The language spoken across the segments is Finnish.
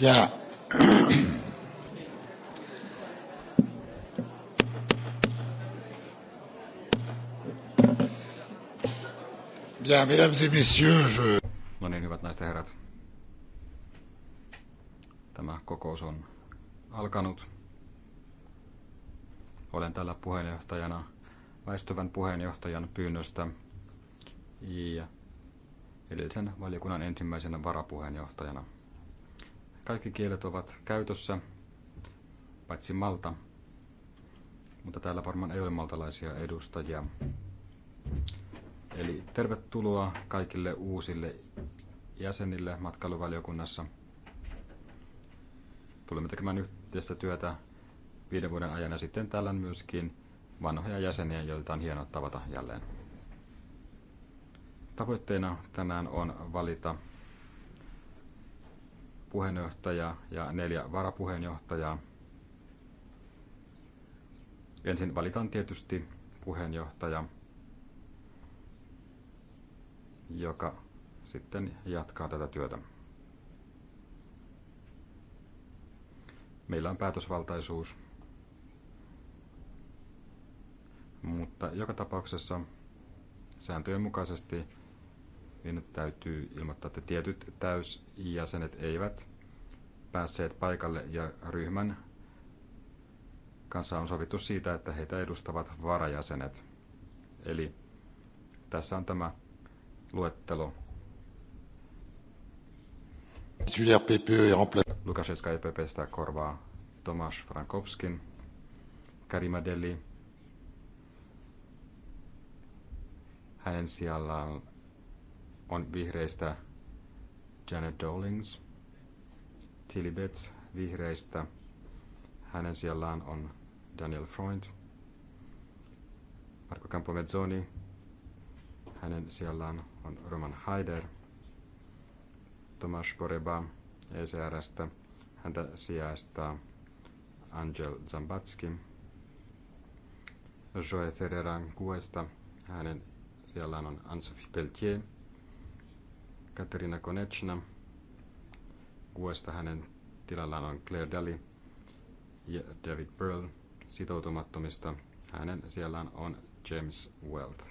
Bien. Bien, mesdames et messieurs, je... No niin, hyvät naiset ja herrat. Tämä kokous on alkanut. Olen täällä puheenjohtajana, väistyvän puheenjohtajan pyynnöstä ja edellisen valiokunnan ensimmäisenä varapuheenjohtajana – kaikki kielet ovat käytössä, paitsi Malta. Mutta täällä varmaan ei ole maltalaisia edustajia. Eli tervetuloa kaikille uusille jäsenille matkailuvaliokunnassa. Tulemme tekemään yhteistä työtä viiden vuoden ajan ja sitten täällä on myöskin vanhoja jäseniä, joita on hienoa tavata jälleen. Tavoitteena tänään on valita puheenjohtajaa ja neljä varapuheenjohtajaa. Ensin valitaan tietysti puheenjohtaja, joka sitten jatkaa tätä työtä. Meillä on päätösvaltaisuus, mutta joka tapauksessa sääntöjen mukaisesti niin täytyy ilmoittaa, että tietyt täysjäsenet eivät päässeet paikalle ja ryhmän kanssa on sovittu siitä, että heitä edustavat varajäsenet. Eli tässä on tämä luettelo. Lukashenska EPPstä korvaa Tomasz Frankowskin, Karima Deli. Hänen sijallaan on vihreistä Janet Dowlings, Tilly Betts vihreistä, hänen sijallaan on Daniel Freund, Marco Campomezzoni, hänen sijallaan on Roman Haider, Tomas Poreba ECRstä, häntä sijaistaa Angel Zambatski, Joe Ferreran Kuesta, hänen sijallaan on Anne-Sophie Pelletier. Katerina Konechna. Kuesta hänen tilallaan on Claire Daly ja David Pearl sitoutumattomista. Hänen siellään on James Wealth.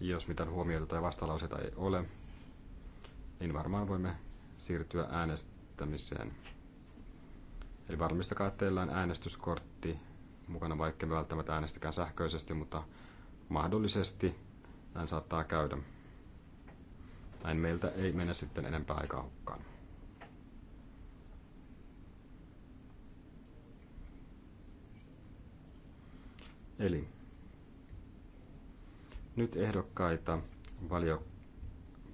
Jos mitään huomioita tai vastalauseita ei ole, niin varmaan voimme siirtyä äänestämiseen. Eli varmistakaa, että teillä on äänestyskortti mukana, vaikka me välttämättä äänestäkään sähköisesti, mutta mahdollisesti näin saattaa käydä. Näin meiltä ei mene sitten enempää aikaa hukkaan. Eli nyt ehdokkaita valio,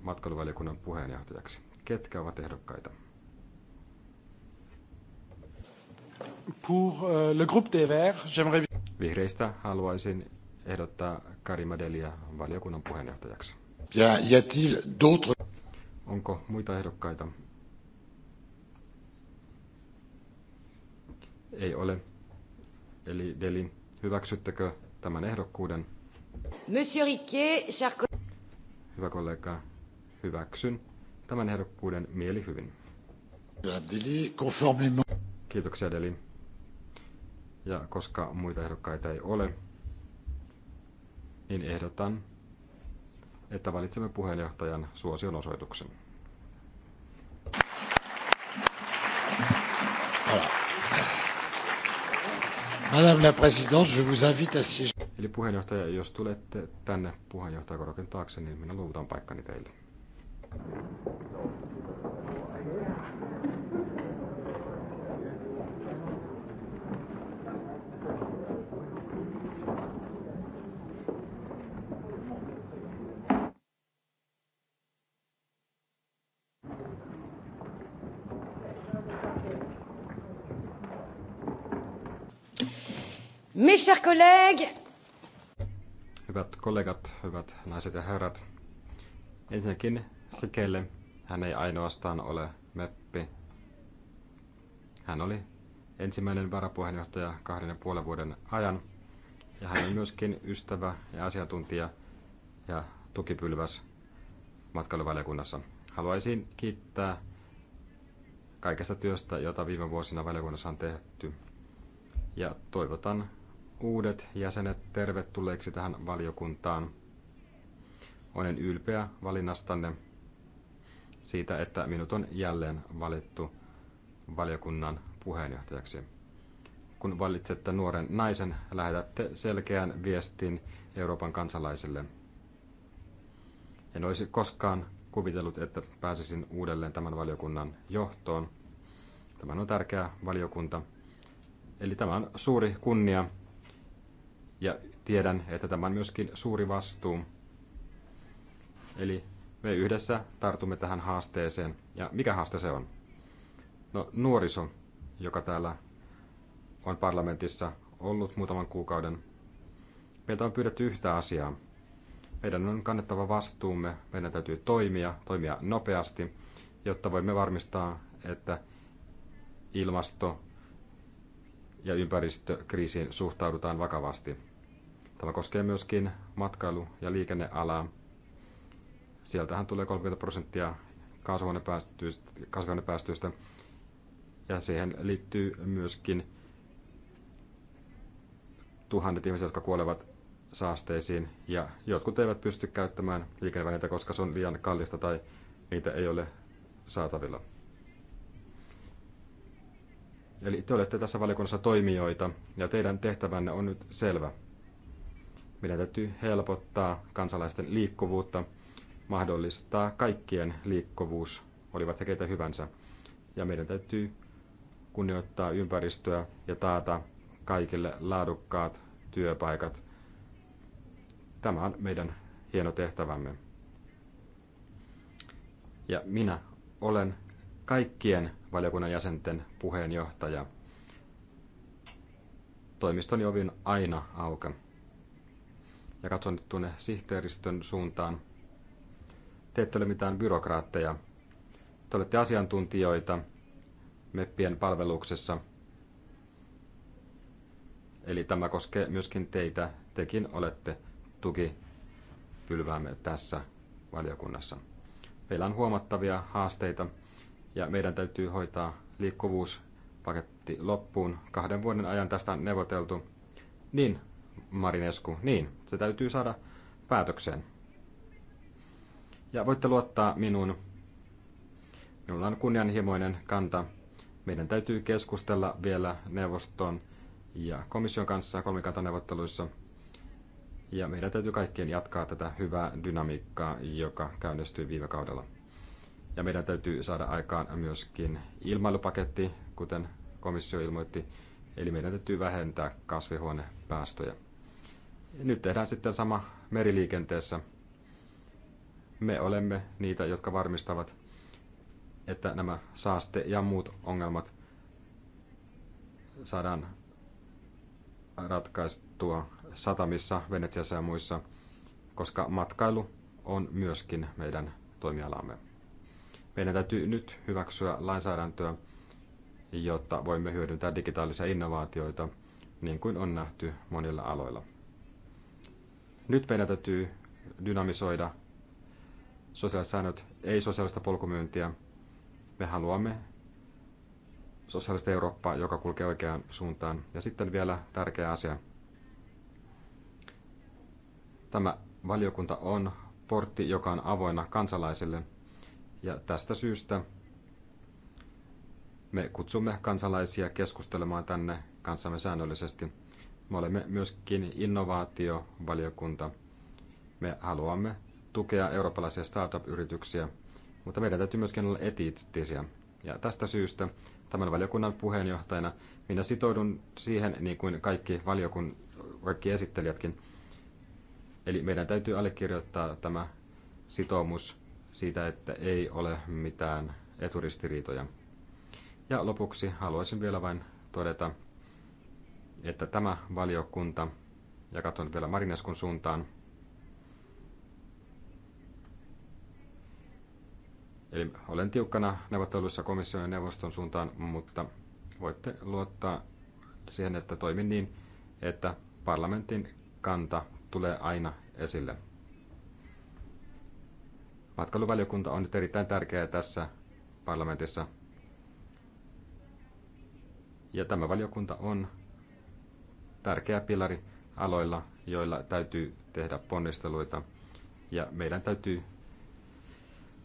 matkailuvaliokunnan puheenjohtajaksi. Ketkä ovat ehdokkaita? Pour euh, le groupe des Verts, j'aimerais... Vihreistä haluaisin ehdottaa Karima Delia valiokunnan puheenjohtajaksi y a-t-il d'autres? Onko muita ehdokkaita? Ei ole. Eli Deli, hyväksyttekö tämän ehdokkuuden? Monsieur Riquet, cher... Hyvä kollega, hyväksyn tämän ehdokkuuden mielihyvin. Deli, conformément. Kiitoksia Deli. Ja koska muita ehdokkaita ei ole, niin ehdotan, että valitsemme puheenjohtajan suosion osoituksen. Madame la Présidente, je vous invite à siéger. Eli puheenjohtaja, jos tulette tänne puheenjohtajakorokin taakse, niin minä luovutan paikkani teille. chers collègues. Hyvät kollegat, hyvät naiset ja herrat. Ensinnäkin Rikelle. Hän ei ainoastaan ole meppi. Hän oli ensimmäinen varapuheenjohtaja kahden ja puolen vuoden ajan. Ja hän on myöskin ystävä ja asiantuntija ja tukipylväs matkailuvaliokunnassa. Haluaisin kiittää kaikesta työstä, jota viime vuosina valiokunnassa on tehty. Ja toivotan uudet jäsenet tervetulleeksi tähän valiokuntaan. Olen ylpeä valinnastanne siitä, että minut on jälleen valittu valiokunnan puheenjohtajaksi. Kun valitsette nuoren naisen, lähetätte selkeän viestin Euroopan kansalaisille. En olisi koskaan kuvitellut, että pääsisin uudelleen tämän valiokunnan johtoon. Tämä on tärkeä valiokunta. Eli tämä on suuri kunnia ja tiedän, että tämä on myöskin suuri vastuu. Eli me yhdessä tartumme tähän haasteeseen. Ja mikä haaste se on? No nuoriso, joka täällä on parlamentissa ollut muutaman kuukauden. Meiltä on pyydetty yhtä asiaa. Meidän on kannettava vastuumme, meidän täytyy toimia, toimia nopeasti, jotta voimme varmistaa, että ilmasto- ja ympäristökriisiin suhtaudutaan vakavasti. Tämä koskee myöskin matkailu- ja liikennealaa. Sieltähän tulee 30 prosenttia kasvihuonepäästöistä ja siihen liittyy myöskin tuhannet ihmiset, jotka kuolevat saasteisiin ja jotkut eivät pysty käyttämään liikennevälineitä, koska se on liian kallista tai niitä ei ole saatavilla. Eli te olette tässä valiokunnassa toimijoita ja teidän tehtävänne on nyt selvä millä täytyy helpottaa kansalaisten liikkuvuutta, mahdollistaa kaikkien liikkuvuus, olivat he keitä hyvänsä. Ja meidän täytyy kunnioittaa ympäristöä ja taata kaikille laadukkaat työpaikat. Tämä on meidän hieno tehtävämme. Ja minä olen kaikkien valiokunnan jäsenten puheenjohtaja. Toimistoni ovi on aina auki ja katson tuonne sihteeristön suuntaan. Te ette ole mitään byrokraatteja. Te olette asiantuntijoita meppien palveluksessa. Eli tämä koskee myöskin teitä. Tekin olette tuki pylväämme tässä valiokunnassa. Meillä on huomattavia haasteita ja meidän täytyy hoitaa liikkuvuuspaketti loppuun. Kahden vuoden ajan tästä on neuvoteltu. Niin, Marinescu. Niin, se täytyy saada päätökseen. Ja voitte luottaa minuun. Minulla on kunnianhimoinen kanta. Meidän täytyy keskustella vielä neuvoston ja komission kanssa kolmikantaneuvotteluissa. Ja meidän täytyy kaikkien jatkaa tätä hyvää dynamiikkaa, joka käynnistyi viime kaudella. Ja meidän täytyy saada aikaan myöskin ilmailupaketti, kuten komissio ilmoitti, Eli meidän täytyy vähentää kasvihuonepäästöjä. Nyt tehdään sitten sama meriliikenteessä. Me olemme niitä, jotka varmistavat, että nämä saaste ja muut ongelmat saadaan ratkaistua satamissa, Venetsiassa ja muissa, koska matkailu on myöskin meidän toimialamme. Meidän täytyy nyt hyväksyä lainsäädäntöä, jotta voimme hyödyntää digitaalisia innovaatioita, niin kuin on nähty monilla aloilla. Nyt meidän täytyy dynamisoida sosiaaliset säännöt, ei sosiaalista polkumyyntiä. Me haluamme sosiaalista Eurooppaa, joka kulkee oikeaan suuntaan. Ja sitten vielä tärkeä asia. Tämä valiokunta on portti, joka on avoinna kansalaisille. Ja tästä syystä me kutsumme kansalaisia keskustelemaan tänne kanssamme säännöllisesti. Me olemme myöskin innovaatiovaliokunta. Me haluamme tukea eurooppalaisia startup-yrityksiä, mutta meidän täytyy myöskin olla etiittisiä. Ja tästä syystä tämän valiokunnan puheenjohtajana minä sitoudun siihen, niin kuin kaikki, valiokun, kaikki esittelijätkin. Eli meidän täytyy allekirjoittaa tämä sitoumus siitä, että ei ole mitään eturistiriitoja. Ja lopuksi haluaisin vielä vain todeta, että tämä valiokunta, ja katson vielä Marineskun suuntaan, Eli olen tiukkana neuvotteluissa komission ja neuvoston suuntaan, mutta voitte luottaa siihen, että toimin niin, että parlamentin kanta tulee aina esille. Matkailuvaliokunta on nyt erittäin tärkeä tässä parlamentissa ja tämä valiokunta on tärkeä pilari aloilla, joilla täytyy tehdä ponnisteluita. Ja meidän täytyy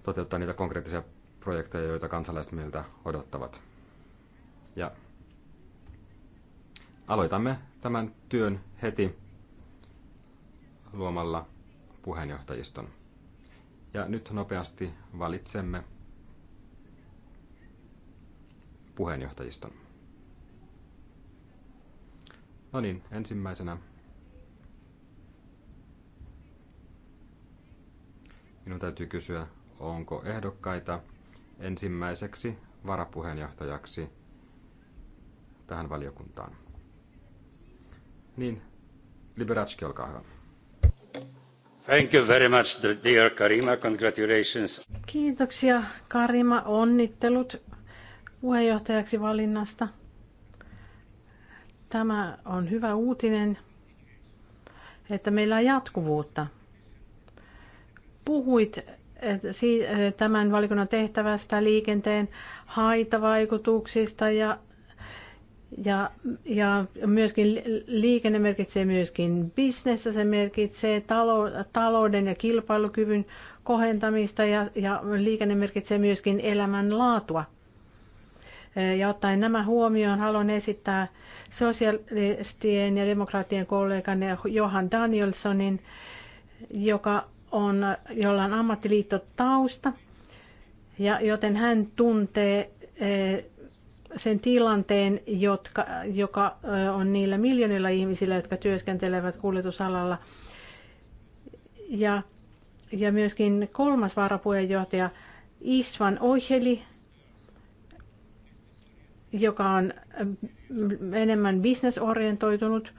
toteuttaa niitä konkreettisia projekteja, joita kansalaiset meiltä odottavat. Ja aloitamme tämän työn heti luomalla puheenjohtajiston. Ja nyt nopeasti valitsemme puheenjohtajiston. No niin, ensimmäisenä minun täytyy kysyä, onko ehdokkaita ensimmäiseksi varapuheenjohtajaksi tähän valiokuntaan. Niin, Liberatski, olkaa hyvä. Thank you very much, dear Karima. Congratulations. Kiitoksia, Karima. Onnittelut puheenjohtajaksi valinnasta. Tämä on hyvä uutinen, että meillä on jatkuvuutta. Puhuit tämän valikunnan tehtävästä, liikenteen haitavaikutuksista ja, ja, ja myöskin liikenne merkitsee myöskin bisnessä, se merkitsee talouden ja kilpailukyvyn kohentamista ja, ja liikenne merkitsee myöskin elämänlaatua. Ja ottaen nämä huomioon haluan esittää sosialistien ja demokraattien kollegan Johan Danielsonin, joka on, jolla on ammattiliittotausta, ja joten hän tuntee eh, sen tilanteen, jotka, joka eh, on niillä miljoonilla ihmisillä, jotka työskentelevät kuljetusalalla. Ja, ja myöskin kolmas varapuheenjohtaja Isvan Oiheli, joka on ähm, enemmän bisnesorientoitunut.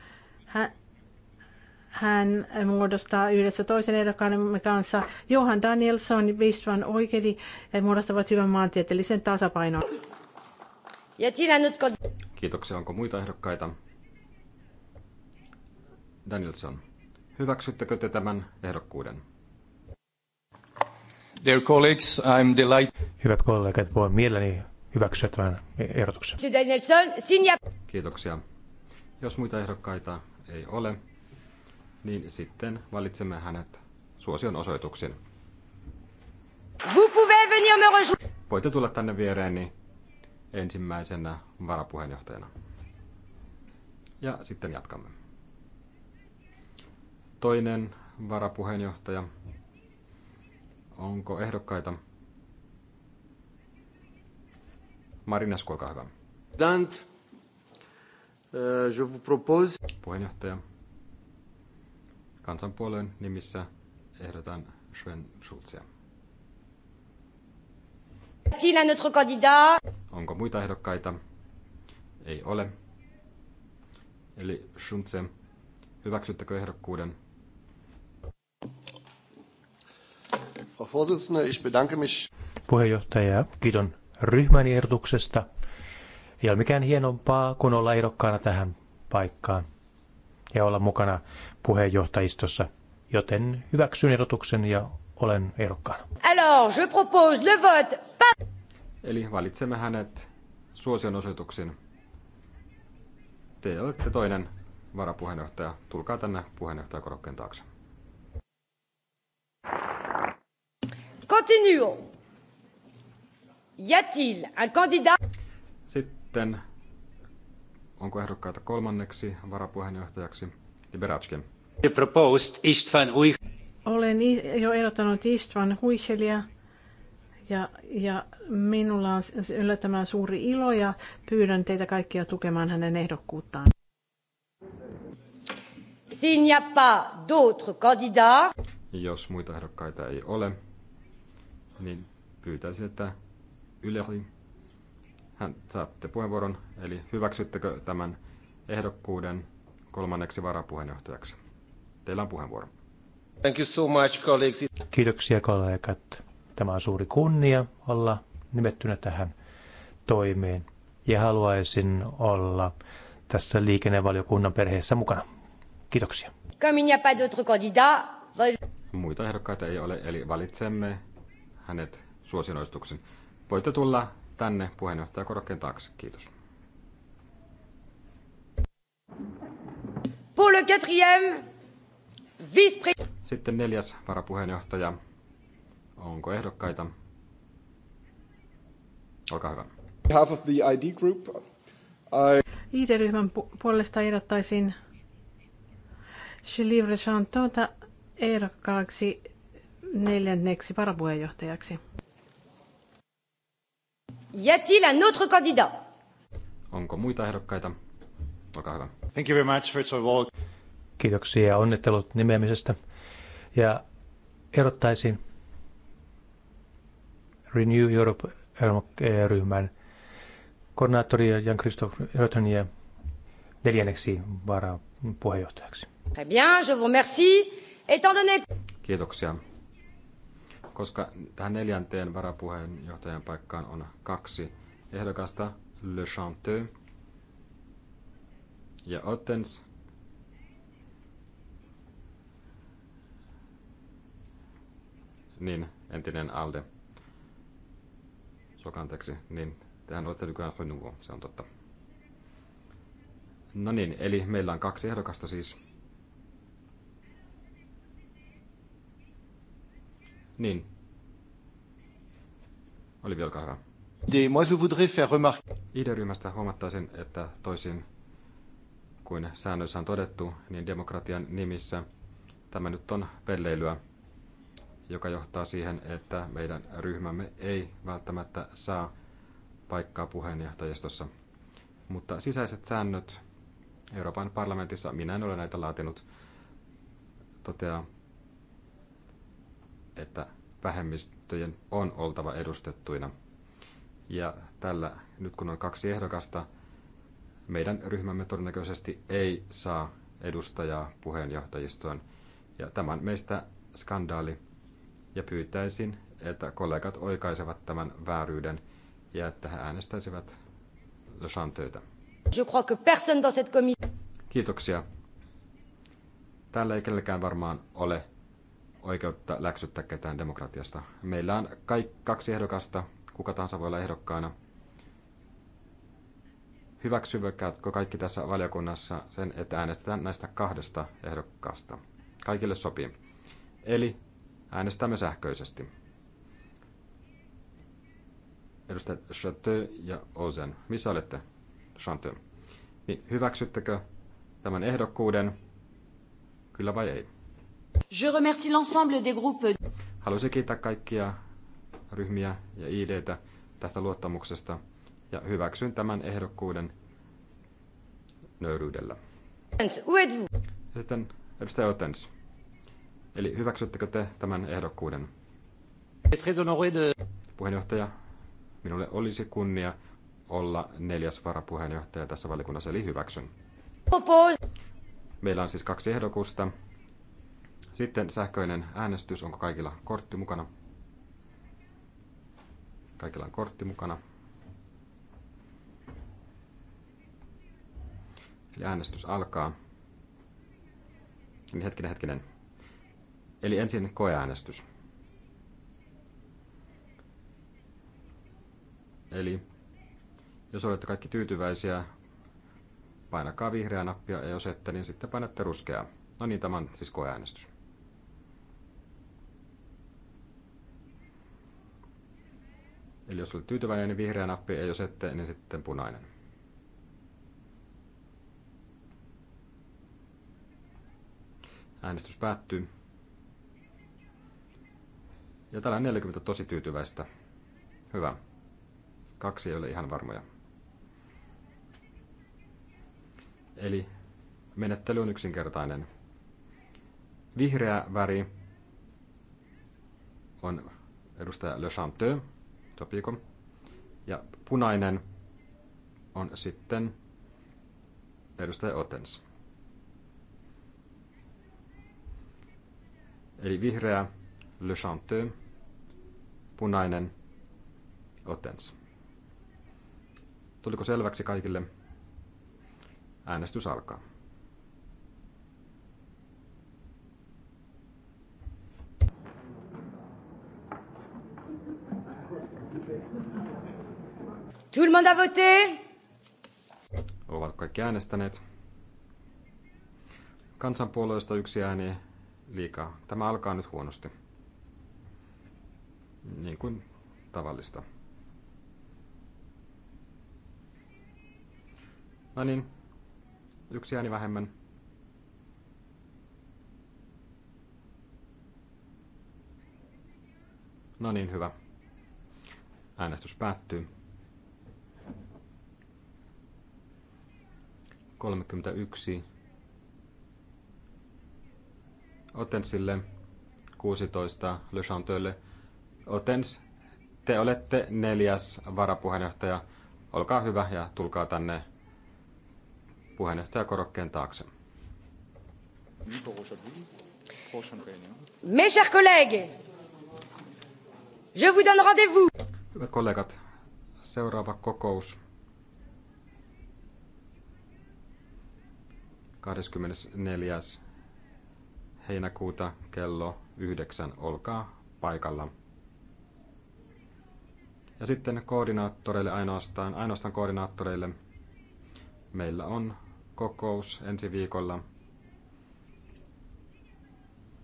Hän muodostaa yhdessä toisen ehdokkaan kanssa. Johan Danielson ja Istvan Oikeli muodostavat hyvän maantieteellisen tasapainon. Kiitoksia. Onko muita ehdokkaita? Danielson, hyväksyttekö te tämän ehdokkuuden? Dear colleagues, I'm delighted. Hyvät kollegat, voin mielelläni hyväksyä tämän ehdotuksen. Kiitoksia. Jos muita ehdokkaita ei ole, niin sitten valitsemme hänet suosion osoituksen. Voitte tulla tänne viereeni ensimmäisenä varapuheenjohtajana. Ja sitten jatkamme. Toinen varapuheenjohtaja. Onko ehdokkaita? Marinescu, olkaa hyvä. Dant, euh, je vous propose... Puheenjohtaja. Kansanpuolueen nimissä ehdotan Sven Schulzia. Onko muita ehdokkaita? Ei ole. Eli Schulze, hyväksyttekö ehdokkuuden? Frau Vorsitzende, ich bedanke mich. Puheenjohtaja, kiitos ryhmäni ehdotuksesta. Ei ole mikään hienompaa kuin olla ehdokkaana tähän paikkaan ja olla mukana puheenjohtajistossa, joten hyväksyn ehdotuksen ja olen ehdokkaana. Alors, je propose le vote Pa- Eli valitsemme hänet suosionosoituksin. Te olette toinen varapuheenjohtaja. Tulkaa tänne puheenjohtajakorokkeen taakse. Continuons. Y a-t-il un candidat? Sitten onko ehdokkaita kolmanneksi varapuheenjohtajaksi Liberatskin? Olen jo ehdottanut Istvan Huichelia ja, ja minulla on yllättävän suuri ilo ja pyydän teitä kaikkia tukemaan hänen ehdokkuuttaan. S'il n'y a pas d'autres candidats, jos muita ehdokkaita ei ole, niin pyytäisin, että Yleri. Hän saatte puheenvuoron, eli hyväksyttekö tämän ehdokkuuden kolmanneksi varapuheenjohtajaksi? Teillä on puheenvuoro. Thank you so much, colleagues. Kiitoksia kollegat. Tämä on suuri kunnia olla nimettynä tähän toimeen ja haluaisin olla tässä liikennevaliokunnan perheessä mukana. Kiitoksia. Muita ehdokkaita ei ole, eli valitsemme hänet suosinoistuksen. Voitte tulla tänne puheenjohtajakorokkeen taakse. Kiitos. Pour le quatrième, vice Sitten neljäs varapuheenjohtaja. Onko ehdokkaita? Olkaa hyvä. Behalf of the ID group, I... ID-ryhmän puolesta ehdottaisin Chilivre Chantota ehdokkaaksi neljänneksi varapuheenjohtajaksi. Y a-t-il un autre candidat? Onko muita ehdokkaita? Olkaa hyvä. Thank you very much, first of all. Kiitoksia ja onnittelut nimeämisestä. Ja erottaisin Renew Europe-ryhmän koordinaattori Jan-Christophe Röteniä neljänneksi varapuheenjohtajaksi. Très bien, je vous remercie. Étant donné... Kiitoksia koska tähän neljänteen varapuheenjohtajan paikkaan on kaksi ehdokasta, Le Chanteux ja Ottens. Niin, entinen Alde. Sokanteeksi, niin tähän olette nykyään Renouveau, se on totta. No niin, eli meillä on kaksi ehdokasta siis. Niin. Oli vielä kahra. Moi, je voudrais faire remarquer. ID-ryhmästä huomattaisin, että toisin kuin säännöissä on todettu, niin demokratian nimissä tämä nyt on pelleilyä, joka johtaa siihen, että meidän ryhmämme ei välttämättä saa paikkaa puheenjohtajistossa. Mutta sisäiset säännöt Euroopan parlamentissa, minä en ole näitä laatinut, toteaa, että vähemmistöjen on oltava edustettuina. Ja tällä, nyt kun on kaksi ehdokasta, meidän ryhmämme todennäköisesti ei saa edustajaa puheenjohtajistoon. Ja tämä on meistä skandaali. Ja pyytäisin, että kollegat oikaisevat tämän vääryyden ja että he äänestäisivät Le töitä. Kiitoksia. Täällä ei kellekään varmaan ole oikeutta läksyttää ketään demokratiasta. Meillä on kaikki, kaksi ehdokasta, kuka tahansa voi olla ehdokkaana. Hyväksyvätkö kaikki tässä valiokunnassa sen, että äänestetään näistä kahdesta ehdokkaasta? Kaikille sopii. Eli äänestämme sähköisesti. Edustajat Chateau ja Ozen, missä olette? Chateau. Niin hyväksyttekö tämän ehdokkuuden? Kyllä vai ei? Je remercie l'ensemble des groupes. Haluaisin kiittää kaikkia ryhmiä ja IDtä tästä luottamuksesta ja hyväksyn tämän ehdokkuuden nöyryydellä. Ja sitten edustaja Otens. Eli hyväksyttekö te tämän ehdokkuuden? Puheenjohtaja, minulle olisi kunnia olla neljäs varapuheenjohtaja tässä valikunnassa, eli hyväksyn. Meillä on siis kaksi ehdokusta. Sitten sähköinen äänestys. Onko kaikilla kortti mukana? Kaikilla on kortti mukana. Eli äänestys alkaa. Eli niin hetkinen, hetkinen. Eli ensin koeäänestys. Eli jos olette kaikki tyytyväisiä, painakaa vihreää nappia ja jos ette, niin sitten painatte ruskeaa. No niin, tämä on siis koeäänestys. Eli jos olet tyytyväinen, niin vihreä nappi, ja jos ette, niin sitten punainen. Äänestys päättyy. Ja täällä on 40 tosi tyytyväistä. Hyvä. Kaksi ei ole ihan varmoja. Eli menettely on yksinkertainen. Vihreä väri on edustaja Le Chanteux, Topiko. Ja punainen on sitten edustaja Otens. Eli vihreä Le Chanteux, punainen Otens. Tuliko selväksi kaikille? Äänestys alkaa. Tout le monde a voté? Ovat kaikki äänestäneet. Kansanpuolueesta yksi ääni liikaa. Tämä alkaa nyt huonosti. Niin kuin tavallista. No niin, yksi ääni vähemmän. No niin, hyvä. Äänestys päättyy. 31. Otensille 16. Le Chanteille. Otens, te olette neljäs varapuheenjohtaja. Olkaa hyvä ja tulkaa tänne puheenjohtajakorokkeen taakse. Mes chers collègues, je vous donne rendez-vous. Hyvät kollegat, seuraava kokous 24. heinäkuuta kello 9. Olkaa paikalla. Ja sitten koordinaattoreille ainoastaan, ainoastaan koordinaattoreille. Meillä on kokous ensi viikolla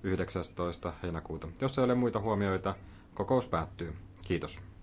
19. heinäkuuta. Jos ei ole muita huomioita, kokous päättyy. Kiitos.